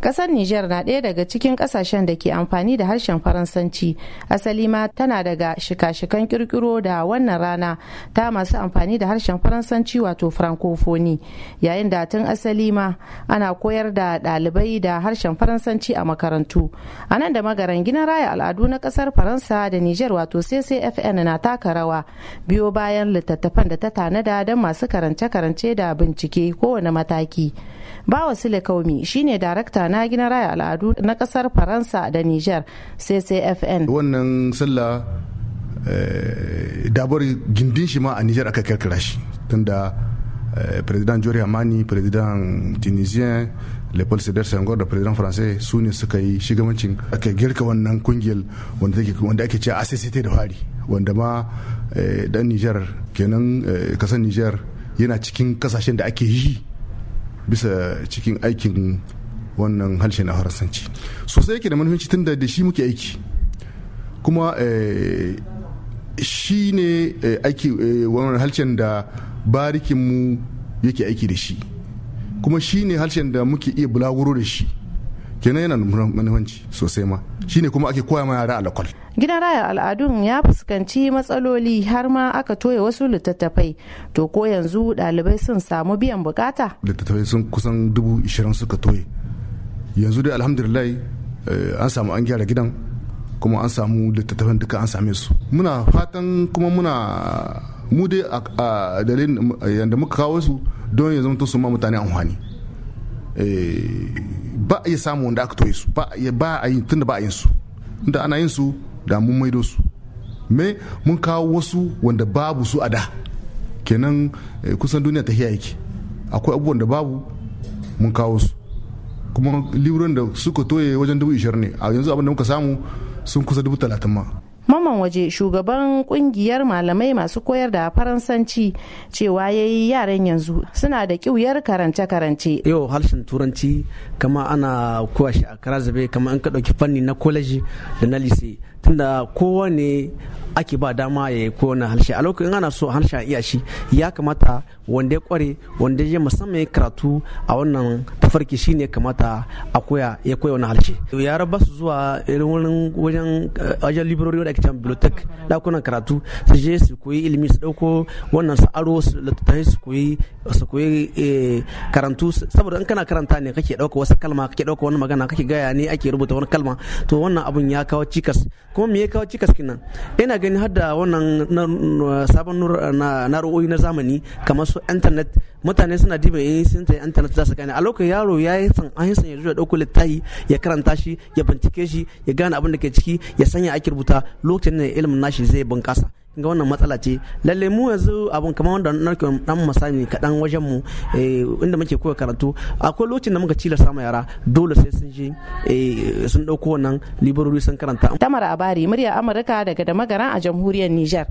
Ƙasar Nijar na ɗaya daga cikin ƙasashen da ke amfani da harshen Faransanci. Asali ma tana daga shika-shikan kirkiro da wannan rana ta masu amfani da harshen Faransanci wato Francophonie. Yayin da tun asali ma ana koyar da ɗalibai da harshen Faransanci a makarantu. A nan da magaran gina raya al'adu na ƙasar Faransa da Nijar wato CCFN na taka rawa biyo bayan littattafan da ta tanada don masu karance-karance da bincike kowane mataki. Bawa Sile Kaumi shine darakta na gina raya al'adu na kasar faransa da niger ccfn wannan sallah eh, dabar gindin shi ma a niger aka kirkira shi tunda eh, president jori amani president tunisien leopold sedar sangor da president faransai su ne suka yi shigabancin aka girka wannan kungiyar wanda ake ce acct da fari wanda ma eh, dan niger kenan kasar niger yana cikin kasashen da ake yi bisa cikin aikin wannan harshe na faransanci sosai yake da manufanci tun da shi muke aiki kuma eh, shi ne eh, aiki eh, wannan harshen da barikinmu yake aiki da shi kuma shi ne harshen da muke iya bulaguro da shi kenan yana da manufanci sosai ma shi ne kuma ake koya ma yara alakwal gidan raya al'adun ya fuskanci matsaloli har ma aka toye wasu littattafai to ko yanzu ɗalibai sun samu biyan bukata littattafai sun kusan dubu ishirin suka toye yanzu dai alhamdulillah eh, an samu an gyara gidan kuma an samu littattafan duka an same su muna fatan kuma muna mu dai a dalilin yadda muka kawo su don yanzu zama su ma mutane amfani eh, ba a yi samu wanda aka toye su ba a yi tunda ba a yin su inda ana yin su da mun maido su me mun kawo wasu wanda babu su a da kenan eh, kusan duniya ta yake akwai abubuwan da babu mun kawo su kuma liburan da suka toye wajen dubu ishirin ne a yanzu abin da muka samu sun kusa dubu talatin ma maman waje shugaban kungiyar malamai masu koyar da faransanci cewa ya yi yaran yanzu suna da ƙiwuyar karance-karance yau harshen turanci kama ana kowa shi a karazabe kama an ka fanni na koleji da na lise tunda kowane ake ba dama ya yi kowane harshe a lokacin ana so harshen iya shi ya kamata wanda ya kware wanda ya musamman karatu a wannan tafarki shine ne kamata a koya ya koya wani harshe yara ba su zuwa irin wurin wajen eh, wajen librori can bibliotek dakunan karatu su je su koyi ilimi su dauko wannan su aro su littattafai su koyi su koyi eh, karantu saboda in kana karanta ne kake dauka wasu kalma kake dauka wani magana kake gaya ne ake rubuta wani kalma to wannan abun ya kawo cikas kuma me ya kawo cikas kinan ina gani hadda wannan sabon na'urori na zamani kamar su internet mutane suna diba yin eh, sun ta internet za su gane a lokacin yaro ya yi san an san ya zuwa dauko littafi ya karanta shi ya bincike shi ya gane abin da ke ciki ya sanya ake rubuta lokacin ne ilimin nashi zai bunkasa ga wannan matsala ce lalle mu yanzu abun kamar wanda narke dan masami kaɗan wajen mu eh, inda muke koya karatu akwai lokacin da muka cila sama yara dole sai sun je eh, sun ɗauko wannan liberori sun karanta. Tamara Abari murya Amurka daga da magaran a jamhuriyar Nijar.